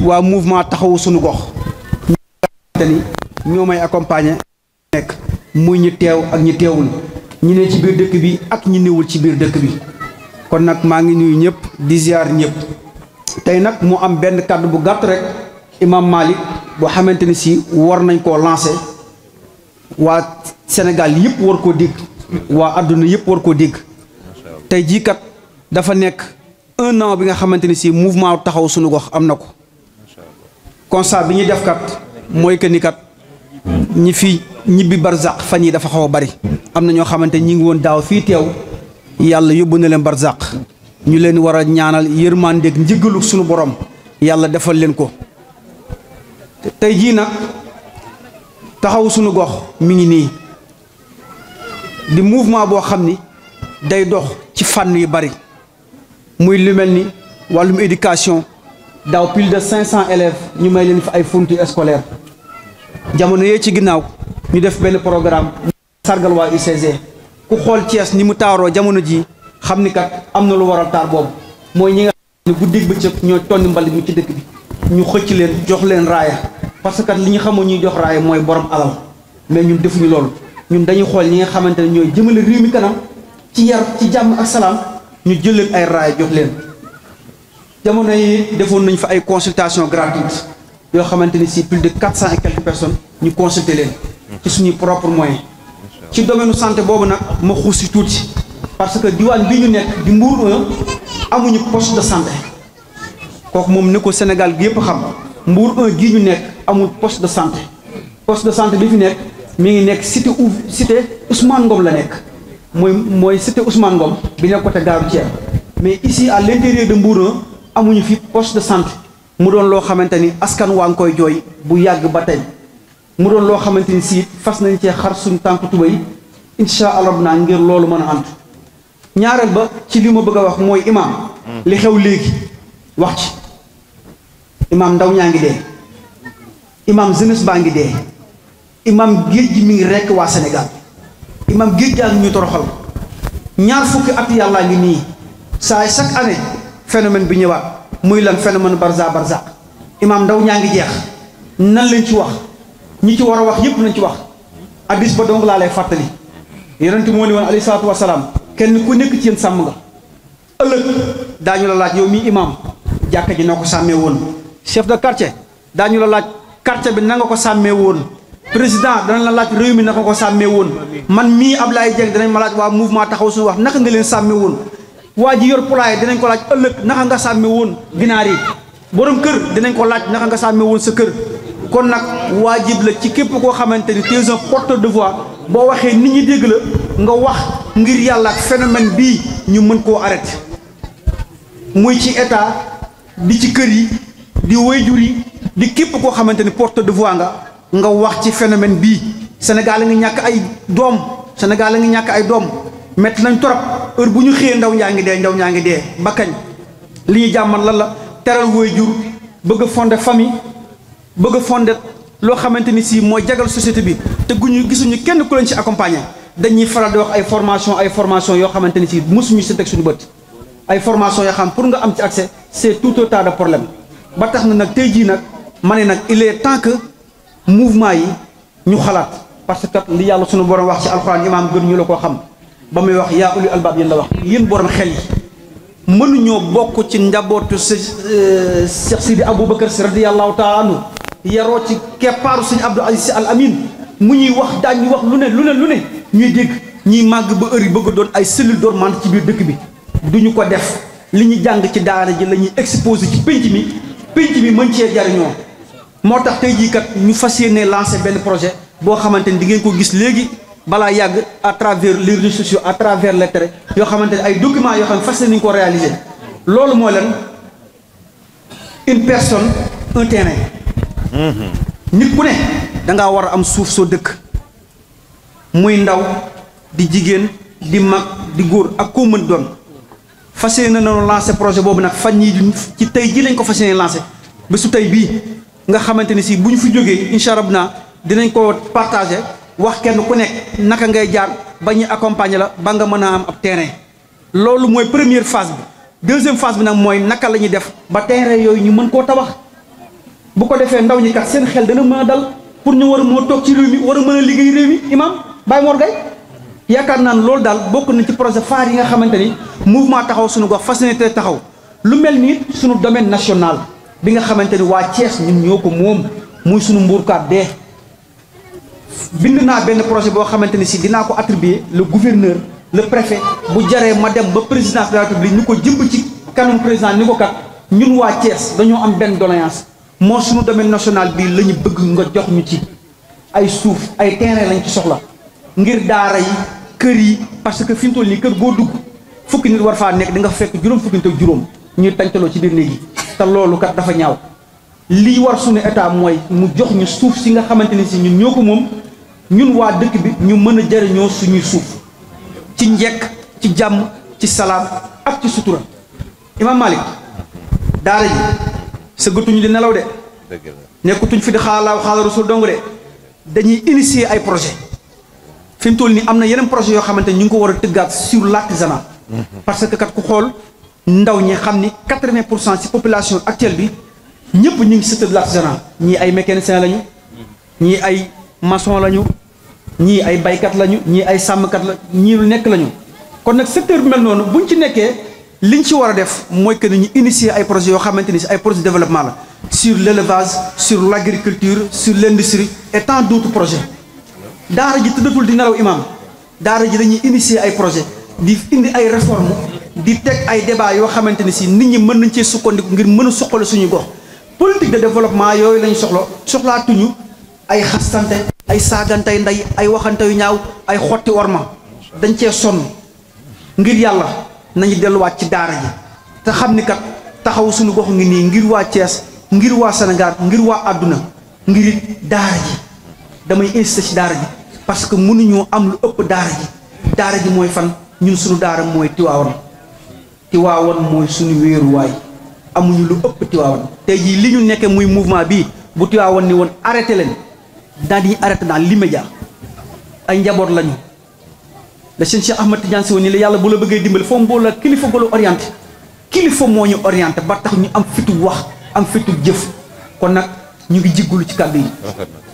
waa mouvement taxawu sunu gox ñi ñoo may accompagner nekk muy ñi teew ak ñi teewul ñi ne ci biir dëkk bi ak ñi newul ci biir dëkk bi kon nag maa ngi nuyu ñëpp di ziar ñëpp tey nag mu am benn kàddu bu gàtt rek imam Malick boo xamante ni si war nañ koo lancé waa Sénégal yëpp war koo dégg waa àdduna yëpp war koo digg tey jii kat dafa nekk un an bi nga xamante ni si mouvement taxaw sunu gox am na ko constat bi ñuy def kat mooy que ni ñi fi ñibbi barzaq fan yi dafa xaw a bari. am na ñoo xamante ñi ngi woon daaw fii teew yàlla yóbbu na leen barzaq ñu leen war a ñaanal yërmandeeg njëggalu suñu boroom yàlla defal leen ko tey jii nag taxaw sunu gox mi ngi nii di mouvement boo xam ni day dox ci fànn yu bari muy lu mel ni wàllum éducation. daaw plus de 500 élèves ñu may leen fi ay fourniture scolaire jamono yee ci ginnaaw ñu def benn programme sargal waa UCG ku xool Thiès ni mu taaroo jamono ji xam ni kat am na lu waral taar boobu mooy ñi nga xam ne guddig bëccëg ñoo tonni mbalit mi ci dëkk bi ñu xëcc leen jox leen raaya parce que li ñu xamoon ñuy jox raaya mooy borom alal mais ñun defuñu loolu ñun dañuy xool ñi nga xamante ne ñoo jëmale réew mi kanam ci yar ci jàmm ak salaam ñu jël leen ay raaya jox leen jamono yi defoon nañ fa ay consultation gratuite yoo xamante ni si plus de quatre cent et quelques personnes ñu consulter leen ci suñuy propre moyen ci domaine santé boobu nag ma xuus si tuuti parce que diwaan bi ñu nekk di Mbour amuñu poste de santé kooku moom ni ko Sénégal gi yëpp xam Mbour 1 gii ñu nekk amul poste de santé poste de santé bi fi nekk mi ngi nekk cité ou cité Ousmane Ngom la nekk mooy mooy cité Ousmane Ngom bi nekk côté gaaru Thiès mais ici à l'intérieur amuñu fi poste de sant mu doon loo xamante ni askan waa ngi koy jooy bu yàgg ba tey mu doon loo xamante ni siit fas nañ cee xar suñu tànk tubay incha allah naa ngir loolu mën a ànd ñaareel ba ci li ma bëgg a wax mooy imaam li xew léegi wax ci imaam ndaw ñaa ngi dee imaam jeunesse baa ngi dee imaam géej gi mi ngi rekk waa Sénégal imaam géej gaa ngi ñu toroxal ñaar fukki at yàllaa ngi nii saa chaque année phénomène bi ñëwaat muy lan phénomène barza barzaq imaam ndaw ñaa ngi jeex nan lañ ci wax ñi ci war a wax yépp nañ ci wax abis ba dong laa lay fàttali yonent moo ni woon alayhi salaatu wasalaam kenn ku nekk ci yéen sàmm nga daa ñu la laaj yow mi imaam jàkka ji noo ko sàmmee woon chef de quartier daañu la laaj quartier bi na nga ko sàmmee woon président dana la laaj réew mi naka nga ko sàmmee woon man mii Ablaye Dieng danañ ma laaj waa mouvement taxaw suñu wax naka nga leen sàmmee woon waa ji yor poulailler dinañ ko laaj ëllëg naka nga sàmme woon ginaar yi borom kër dinañ ko laaj naka nga sàmme woon sa kër kon nag waajib la ci képp koo xamante ni tu es de voix boo waxee nit ñi dégg la nga wax ngir yàlla ak phénomène bii ñu mën koo arrêté muy ci état di ci kër yi di wayjur di képp koo xamante ni porte de voix nga nga wax ci phénomène bii Sénégal a ngi ñàkk ay doom Sénégal a ngi ñàkk ay doom metti nañ torop heure bu ñu xëyee ndaw ñaa ngi dee ndaw ñaa ngi dee ba kañ li ñu jàmman lan la teral wooy jur bëgg a fondé famille bëgg fonde loo xamante ni si mooy jagal société bi te ñu gisuñu kenn ku leen ci accompagner dañuy faral di wax ay formation ay formation yoo xamante sii si mosuñu si teg suñu bët ay formation yoo xam pour nga am ci accès c'est tout un tas de problème ba tax na nag tey jii nag ma ne nag il est que mouvement yi ñu xalaat parce que li yàlla suñu borom wax ci alxuraan imaam gën ñu la ko xam ba muy wax yaa uli albaab yéen la wax yéen borom xel yi mënuñoo bokk ci njabootu si euh, Cheikh Sidi Aboubacar si radiyallahu taala anhu yaroo ci keppaaru sëñ Abdou Aziz si al amin mu ñuy wax daañu wax lu ne lu ne lu ne ñuy dégg ñuy màgg ba heure yi bëgg doon ay cellule dormante ci biir dëkk bi duñu ko def li ñu jàng ci daara ji la ñuy exposé ci pénc mi pénc mi mën cee jariñoo moo tax tey jii kat ñu fas yéene lancé benn projet boo xamante ne di ngeen ko gis léegi balaa yàgg à travers les à travers les traits yoo xamante ne ay documents yoo xam ne fas ñu ko réaliser loolu mooy lan une personne un terrain. nit ku ne da ngaa war a am suuf soo dëkk muy ndaw di jigéen di mag di góor ak koo mën doon fas yéene nañu lancé projet boobu nag fan yii ci tey jii lañ ko fas yéene lancé ba su tey bii nga xamante ne si bu ñu fi jógee incha allah dinañ koo partagé. wax kenn ku nekk naka ngay jaar ba ñu accompagner la ba nga mën a am ab terrain loolu mooy première phase bi deuxième phase bi nag mooy naka la ñuy def ba terrain yooyu ñu mën koo tabax bu ko defee ndaw ñi kat seen xel dana mën a dal pour ñu war a moo toog ci réew mi war a mën a liggéey réew mi imam Baye Mor Gaye yaakaar naan loolu daal bokk na ci projet phare yi nga xamante ni mouvement taxaw suñu gox fas yéene taxaw lu mel ni sunu domaine national bi nga xamante ni waa Thiès ñun ñoo ko moom muy suñu mbuurkaat dee bind naa benn projet boo xamante ne si dinaa ko attribuer le gouverneur le préfet bu jaree ma dem ba présidence de la ñu ko jëmb ci kanam président ni ko kat ñun waa Thiès dañoo am benn doléance moo suñu domaine national bii la ñu bëgg nga jox ñu ci ay suuf ay terrain lañ ci soxla ngir daara yi kër yi parce que fi mu toll nii kër boo dugg fukki nit war faa nekk di nga fekk juróom fukki nit ak juróom ñuy tàncaloo ci biir néeg yi te loolu kat dafa ñaaw lii war si nga xamante ñun waa dëkk bi ñu mën a jariñoo suñuy suuf ci njekk ci jàmm ci salaam ak ci sutura imaam Malick daara ji sëggatuñu di nelaw de nekkutuñ fi di xaalaaw xaala su dong de dañuy initier ay projet fi mu toll nii am na yeneen projet yoo xamante ñu ngi ko war a tëggaat sur l'artisanat mhm. parce que kat ku xool ndaw ñi xam ni quatre-vingt pour cent ci population actuelle bi ñëpp ñu ngi secteur de l'artisanat ñii ay mécanicien lañu mhm. ñii ay maçon lañu ñii ay baykat lañu ñii ay sàmmkat la ñii lu nekk lañu kon nag secteur bi mel noonu buñ ci nekkee liñ ci war a def mooy que ni ñu initier ay projets yoo xamante ni si ay projets de la sur l'élevage sur l'agriculture sur l'industrie et tant d'autres projets daara ji tëddatul di nelaw imam daara ji dañuy initier ay projets di indi ay réformes di teg ay débats yoo xamante ni si nit ñi mën nañ cee sukkandiku ngir mën a suqale suñu gox politique de développement yooyu lañ soxla soxlaatuñu ay xastante ay saagantay ndey ay waxante yu ñaaw ay xotti orma dañ cee sonn ngir yàlla nañu delluwaat ci daara ji te xam ni kat taxaw suñu gox ngi nii ngir waa cees ngir waa Sénégal ngir waa àdduna ngir daara ji damay insisté ci daara ji parce que mënuñoo am lu ëpp daara ji daara ji mooy fan ñun suñu daara mooy Tiwaawan Tiwaawan mooy suñu wéeruwaay amuñu lu ëpp Tiwaawan tey jii li ñu nekkee muy mouvement bi bu Tiwaawan ni woon arrêté leen daal di arrêté dans l'immédiat ay njaboot lañu la seen Cheikh Ahmad Tidiane Sy woon ni la yàlla bu la bëggee dimbali foo mboo la kilifa golo orienté kilifa moo ñu orienté ba tax ñu am fitu wax am fitu jëf kon nag ñu ngi jiggulu ci kàddu yi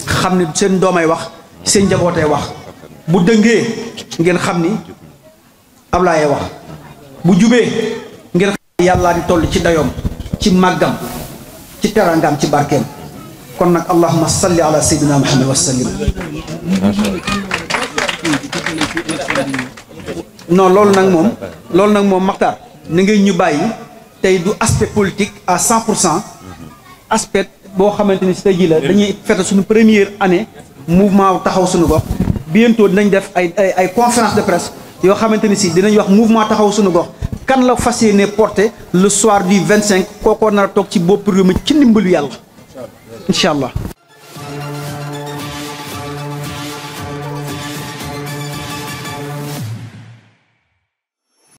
xam ne seen doomay wax seen njabootee wax bu dëngee ngeen xam ni Ablaye wax bu jubee ngeen xam ni yàllaa di toll ci dayoom ci màggam ci teraangaam ci barkeem kon nag allahuma salli ala sayyidina muhammad wa sallim non loolu nag moom loolu nag moom maxtaar na ngay ñu bàyyi tey du aspect politique à cent pour cent aspect boo xamante ni si jii la dañuy fete suñu première année mouvement taxaw suñu gox bientôt dinañ def ay ay ay conférence de presse yoo xamante ni si dinañ wax mouvement taxaw suñu gox kan la fas ne porté le soir du vingt cinq kookoo nar a toog ci bopp réew mi ci ndimbalu yàlla incha allah